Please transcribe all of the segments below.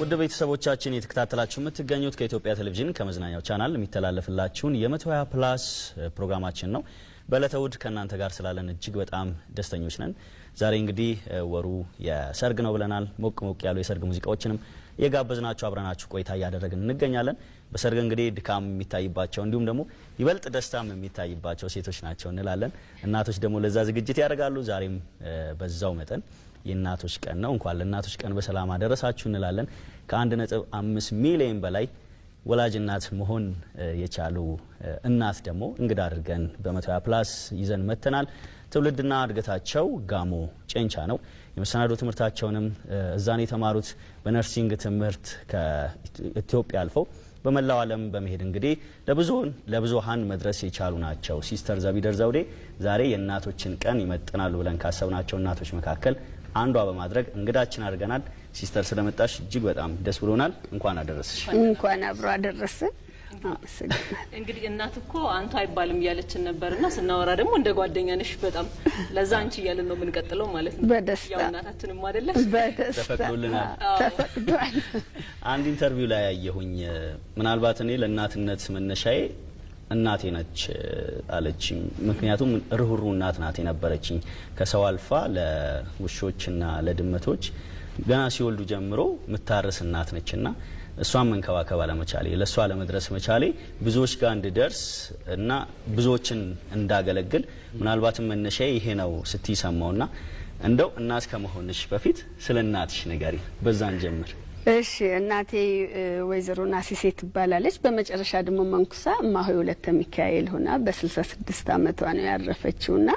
ውድ ቤተሰቦቻችን የተከታተላችሁ የምትገኙት ከኢትዮጵያ ቴሌቪዥን ከመዝናኛው ቻናል የሚተላለፍላችሁን የ120 ፕላስ ፕሮግራማችን ነው። በዕለተ እሁድ ከእናንተ ጋር ስላለን እጅግ በጣም ደስተኞች ነን። ዛሬ እንግዲህ ወሩ የሰርግ ነው ብለናል። ሞቅ ሞቅ ያሉ የሰርግ ሙዚቃዎችንም እየጋበዝናችሁ አብረናችሁ ቆይታ እያደረግን እንገኛለን። በሰርግ እንግዲህ ድካም የሚታይባቸው እንዲሁም ደግሞ ይበልጥ ደስታም የሚታይባቸው ሴቶች ናቸው እንላለን። እናቶች ደግሞ ለዛ ዝግጅት ያደርጋሉ። ዛሬም በዛው መጠን የእናቶች ቀን ነው። እንኳን ለእናቶች ቀን በሰላም አደረሳችሁ እንላለን። ከአንድ ነጥብ አምስት ሚሊዮን በላይ ወላጅ እናት መሆን የቻሉ እናት ደግሞ እንግዳ አድርገን በመቶያ ፕላስ ይዘን መጥተናል። ትውልድና እድገታቸው ጋሞ ጨንቻ ነው። የመሰናዶ ትምህርታቸውንም እዛን የተማሩት በነርሲንግ ትምህርት ከኢትዮጵያ አልፈው በመላው ዓለም በመሄድ እንግዲህ ለብዙውን ለብዙሃን መድረስ የቻሉ ናቸው። ሲስተር ዘቢደር ዘውዴ ዛሬ የእናቶችን ቀን ይመጥናሉ ብለን ካሰብናቸው እናቶች መካከል አንዷ በማድረግ እንግዳችን አድርገናል። ሲስተር ስለመጣሽ እጅግ በጣም ደስ ብሎናል። እንኳን አደረስሽ። እንኳን አብሮ አደረስን። እንግዲህ እናት እኮ አንቱ አይባልም እያለችን ነበር እና ስናወራ ደግሞ እንደ ጓደኛ ነሽ በጣም ለዛ አንቺ እያለን ነው የምንቀጥለው ማለት ነው። በደስታ ያው እናታችንም አይደለሽ ተፈቅዶልናል፣ ተፈቅዷል። አንድ ኢንተርቪው ላይ ያየሁኝ ምናልባት እኔ ለእናትነት መነሻዬ እናቴ ነች አለችኝ። ምክንያቱም ርኅሩህ እናት ናት የነበረችኝ ከሰው አልፋ ለውሾችና ለድመቶች ገና ሲወልዱ ጀምሮ ምታርስ እናት ነች ና እሷን መንከባከብ አለመቻሌ ለእሷ አለመድረስ መቻሌ ብዙዎች ጋር እንድደርስ እና ብዙዎችን እንዳገለግል ምናልባትም መነሻ ይሄ ነው ስትይ ና እንደው እናት ከመሆንሽ በፊት ስለ እናትሽ ንገሪ፣ በዛን ጀምር። እሺ እናቴ ወይዘሮ ናሲሴ ትባላለች። በመጨረሻ ደግሞ መንኩሳ እማሆይ ወለተ ሚካኤል ሆና በ በስልሳ ስድስት አመቷ ነው ያረፈችው ና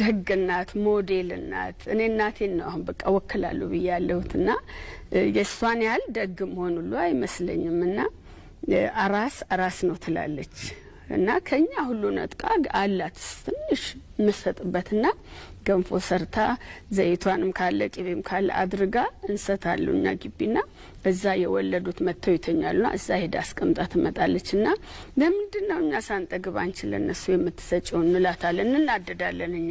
ደግናት ሞዴልናት እኔ እናቴን ነው አሁን በቃ ወክላሉ ብዬ ያለሁትና የእሷን ያህል ደግ መሆን ሁሉ አይመስለኝም። እና አራስ አራስ ነው ትላለች እና ከኛ ሁሉ ነጥቃ አላት ትንሽ ምሰጥበትና ገንፎ ሰርታ ዘይቷንም ካለ ቅቤም ካለ አድርጋ እንሰት አሉና ግቢና እዛ የወለዱት መጥተው ይተኛሉና እዛ ሄዳ አስቀምጣ ትመጣለችና ለምንድን ነው እኛ ሳንጠግብ አንቺ ለእነሱ የምትሰጪውን እንላታለን፣ እናደዳለን እኛ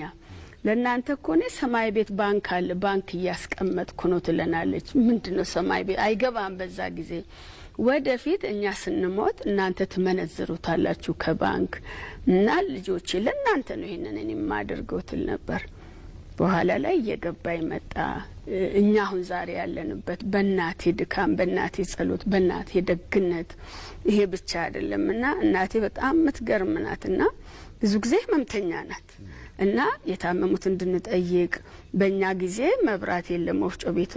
ለእናንተ እኮ እኔ ሰማይ ቤት ባንክ አለ ባንክ እያስቀመጥኩ ነው ትለናለች። ምንድን ነው ሰማይ ቤት አይገባም። በዛ ጊዜ ወደፊት እኛ ስንሞት እናንተ ትመነዝሩታላችሁ ከባንክ እና ልጆቼ ለእናንተ ነው ይህንን እኔ የማደርገው ትል ነበር። በኋላ ላይ እየገባ ይመጣ። እኛ አሁን ዛሬ ያለንበት በእናቴ ድካም፣ በእናቴ ጸሎት፣ በእናቴ ደግነት ይሄ ብቻ አይደለም እና እናቴ በጣም የምትገርም ናት እና ብዙ ጊዜ ህመምተኛ ናት እና የታመሙት እንድንጠይቅ በእኛ ጊዜ መብራት የለም፣ ወፍጮ ቤት